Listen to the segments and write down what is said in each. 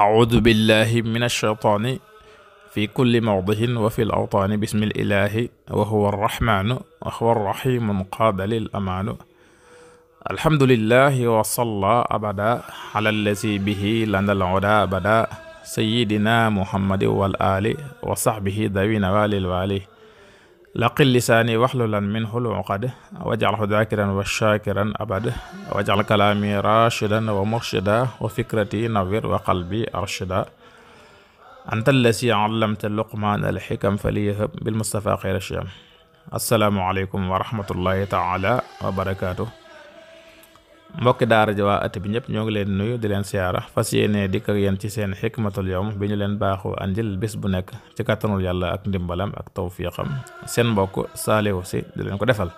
acuudu billahi min alsheytaani fi kulli mawdihin wa fi l awtaani bismi lilahi wa huwa arrahmaanu wa huwa arrahimu qaada lil amaanu alhamdulillahi wa salla abada ala allazi bihi lana al huda abada sayidina muhammadin wal aali wa saxbihi dawina walil waali laqil lisaani waxlulan min hul uqad waj'alhu dhaakiran wa shaakiran abad waj'al kalaami raashidan wa murshida wa fikrati nawwir wa qalbi arshida anta allasi allamta luqmaan alxikam faliyahab bil mustafa xayra shiyam assalaamu aleykum wa rahmatullahi taala wa barakaatu mbokki daara ji waa at bi ñëpp ñoo ngi leen nuyu di leen siyaara fas yéene dikk ak yéen ci seen xikmatul yawm bi ñu leen baaxoo andil bis bu nekk ci kàttanul yàlla ak ndimbalam ak tawfiqam seen mbokk saalihu si di leen ko defal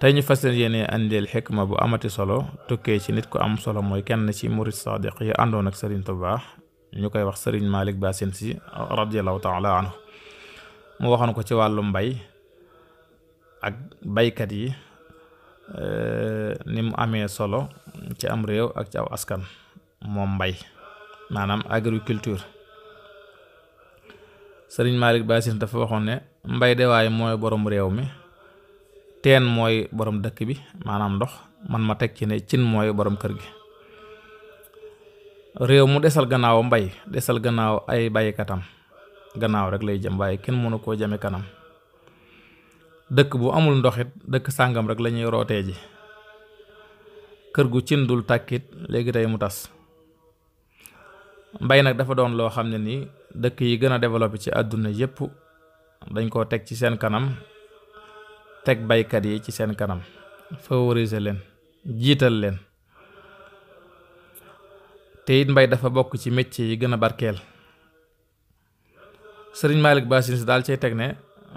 tey ñu fas yéene andil xikma bu amati solo tukkee ci nit ku am solo mooy kenn ci murid sadiq yi àndoon ak Serigne Touba ñu koy wax Serigne Malick Bassine Sy radiyallahu taala anhu mu waxoon ko ci wàllu mbay ak baykat yi Eh, ni mu amee solo ci am réew ak ci aw askan moom mbay maanaam agriculture sëriñ Malick Bassine dafa waxoon ne mbay de waaye mooy boroom réew mi teen mooy borom dëkk bi maanaam ndox man ma teg ci ne cin mooy borom kër gi réew mu desal gannaaw mbay desal gannaaw ay baykatam gannaaw rek lay jëm waaye kenn mënu koo jame kanam dëkk bu amul ndoxit dëkk sàngam rek lañuy rootee ji kër gu cindul tàkkit léegi tey mu tas mbay nag dafa doon loo xam ne ni dëkk yi gën a développé ci àdduna yépp dañ koo teg ci seen kanam teg baykat yi ci seen kanam favoriser leen jiital leen te it mbay dafa bokk ci métier yi gën a barkeel sëriñ Malick Bassine daal cay teg ne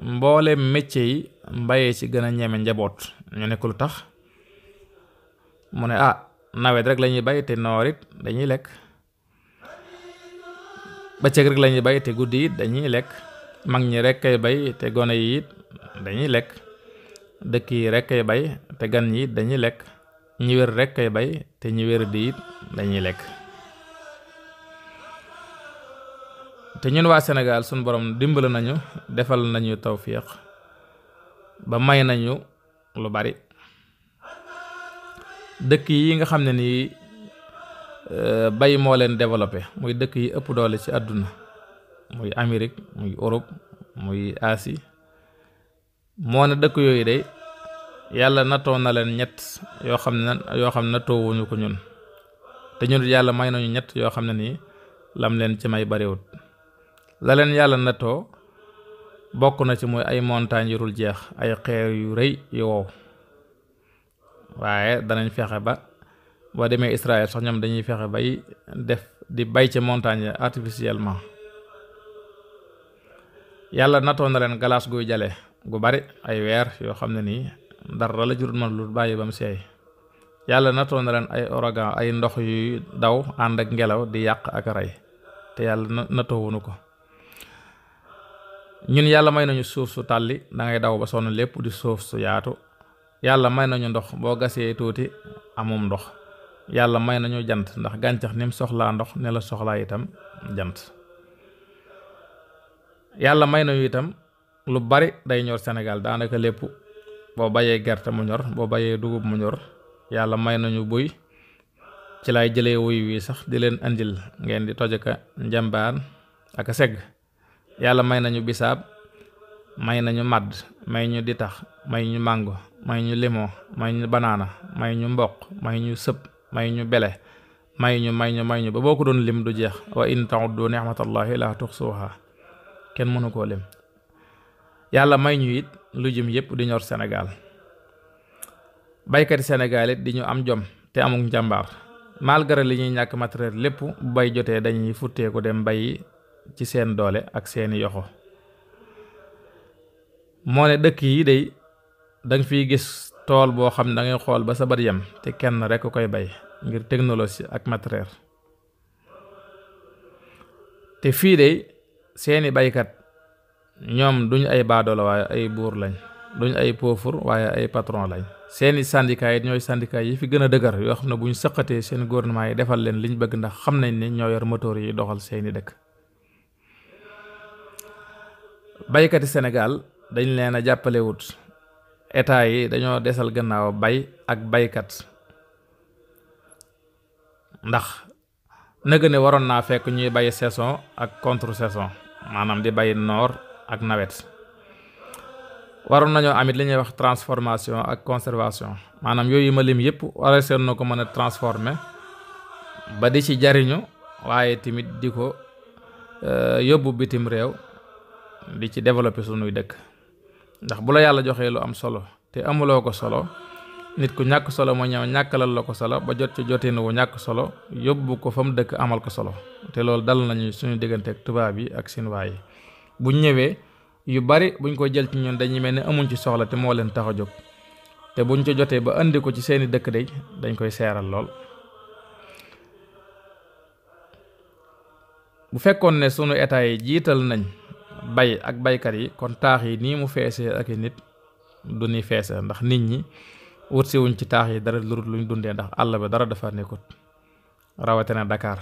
mboole métier yi mbayee ci gën a ñeme njaboot ñu ne ko lu tax mu ne ah nawet rek lañuy bay te noor dañuy lekk bëccëg rek lañuy bay te guddi it dañuy lekk mag ñi rekk ay bay te gone yi it dañuy lekk dëkk yi rek ay bay te gan yi it dañuy lekk ñi wér rek kay bay te ñi wér di dañuy lekk te ñun waa Sénégal suñu borom dimbali nañu defal nañu tawfiq ba may nañu lu bari dëkk yi nga xam ne nii euh, bay moo leen développé muy dëkk yi ëpp doole ci àdduna muy Amérique muy urop muy asi moo ne dëkk yooyu day yàlla nattoo na leen ñett yoo xam ne yoo xam ne nattoowuñu ko ñun te ñun yàlla may nañu ñett yoo xam ne nii lam leen ci may bariwut la yàlla natoo bokk na ci mooy ay montagne yu jeex ay xeer yu rëy yu wow waaye danañ fexe ba boo demee Israël sax ñoom dañuy fexe bay def di bay ci montagne artificiellement yàlla nattoo na leen galaas guy jale gu bari ay weer yoo xam ne nii dara la jurut man lu bàyyi ba mu seey yàlla nattoo na leen ay ouragan ay ndox yuy daw ànd ak ngelaw di yàq ak rey te yàlla nattoo wunu ko ñun yàlla may nañu suuf su tàlli dangay daw ba sonn lépp di suuf su yaatu yàlla may nañu ndox boo gasee tuuti amum ndox yàlla may nañu jant ndax gàncax ni soxlaa ndox ne la soxlaa itam jant yàlla may nañu itam lu bari day ñor senegal daanaka lépp boo bayee gerte mu ñor boo bayee dugub mu ñor yàlla may nañu buy ci lay jëlee wuy wi sax di leen indil ngeen di toj aka njambaan ak segg yàlla may nañu bisaab may nañu màdd may ñu ditax may ñu màngo may ñu limon may ñu banaana may ñu mboq may ñu sëp may ñu bele may ñu may ñu ba boo ko doon lim du jeex wa in ta'uddu ni'matallahi la tuhsuha kenn mënu koo lim yàlla may ñu it lu jëm yépp di ñor Sénégal baykati Sénégal it di ñu am jom te amuk njàmbaar malgré li ñuy ñàkk matériel lépp bay jotee dañuy futteeku dem bayi ci seen doole ak seeni yoxo moo ne dëkk yi day danga fiy gis tool boo xam ne dangay xool ba sa bët te kenn rekk koy bay ngir technologie ak matériel te fii day seeni baykat ñoom duñu ay baadoolo waaye ay buur lañ duñu ay pauvre waaye ay patron lañ seeni syndicat yi ñooy syndicat yi fi gën a dëgër yoo xam ne buñ ñu sëqatee seen gornement yi defal leen liñ bëgg ndax xam nañ ne ñoo yor moteur yi doxal seeni dëkk baykati Sénégal dañ leen a jàppalewut état yi dañoo desal gannaaw bay ak baykat ndax nëgë ne waroon naa fekk ñuy bay saison ak contre saison maanaam di bay noor ak nawet waroon nañoo amit li ñuy wax transformation ak conservation maanaam yooyu ma lim yëpp wara seen na ko mën a transformer ba di ci jariñu waaye tamit di ko euh, yóbbu bitim réew di ci développer sunuy dëkk ndax bu la yàlla joxee lu am solo te amuloo ko solo nit ku ñàkk solo moo ñëw ñàkkalal la ko solo ba jot ca jotee jotin wu ñàkk solo yóbbu ko fa mu dëkk amal ko solo te loolu dal nañu suñu diggante ak tubaab yi ak sinwaa yi bu ñëwee yu bari buñ ko jël ci ñun dañuy mel ni amuñ ci soxla te moo leen tax a jóg te buñ ca jotee ba indi ko ci seeni dëkk de dañ koy seeral lool bu fekkoon ne sunu état yi jiital nañ bay ak baykat yi kon taax yi nii mu feesee ak i nit du ni feese ndax nit ñi wut si ci taax yi dara lurut luñ dundee ndax àll ba dara defaa nekkut rawatina dakaar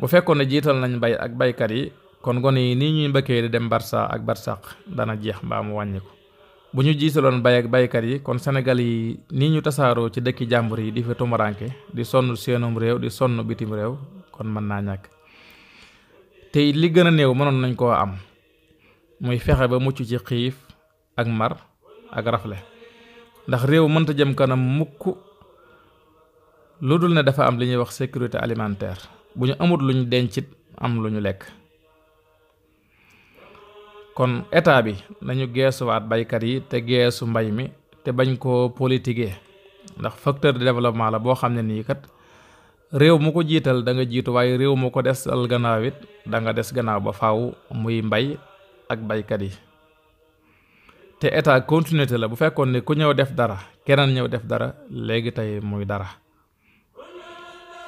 bu fekkoon ne jiital nañ bay ak baykat yi kon ngone yi nii ñuy mbëkkee di dem barsa ak barsaq dana jeex mbaa mu wàññi ko bu ñu jiitaloon bay ak baykat yi kon senegal yi nii ñu tasaaroo ci dëkki jàmbur yi di fi tumuranke di sonn seenum réew di sonn bitim réew kon mën naa ñàkk tey li gën a néew mënoon nañ koo am muy fexe ba mucc ci xiif ak mar ak rafle ndax réew mënta jëm kanam mukk lu dul ne dafa am li ñuy wax sécurité alimentaire bu ñu amut luñu ñu dencit am lu ñu lekk kon état bi nañu geesuwaat baykat yi te geesu mbay mi te bañ koo politiquer ndax facteur de développement la boo xam ne niikat réew mu ko jiital da nga jiitu waaye réew mu ko desal gannaaw it da nga des gannaaw ba faw muy mbay ak baykat yi te état continuité la bu fekkoon ne ku ñëw def dara keneen ñëw def dara léegi tey muy dara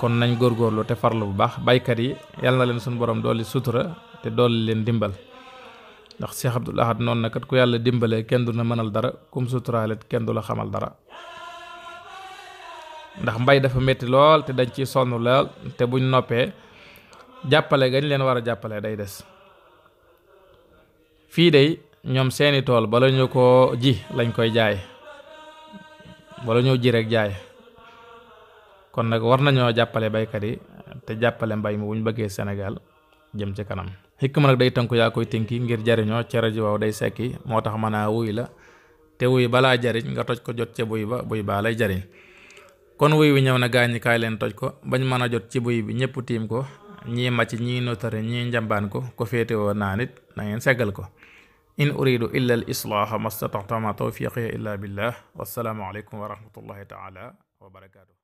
kon nañ góorgóorlu te farlu bu baax baykat yi yàlla na leen sunu borom dooli sutura te dooli leen dimbal ndax Cheikh Abdoul Ahad noonu na kat ku yàlla dimbale kenn du na mënal dara kum suturaale kenn du la xamal dara ndax mbay dafa metti lool te dañ ci sonn lool te buñ noppee jàppale gañ leen war a jàppale day des fii day ñoom seeni tool bala ñu ko ji lañ koy jaay bala ñoo ji rek jaay kon nag war nañoo jàppale baykat yi te jàppale mbay mi buñ bëggee senegal jëm ci kanam xikma nag day tënku yaa koy tënki ngir jariñoo ci rajo waaw day sekki moo tax mën a wuy la te wuy balaa jariñ nga toj ko jot ca buy ba buy baa lay jariñ kon wuy wi ñëw na gaañ leen toj ko bañ mën a jot ci buy bi ñëpp tiim ko ñii màcc ñii notari ñii njambaan ko ko féete woo naa nit na ngeen seggal ko in uridu illa al islaaha mastata'tu ma tawfiqi illa billah wassalaamu aleykum wa rahmatullahi wa barakaatu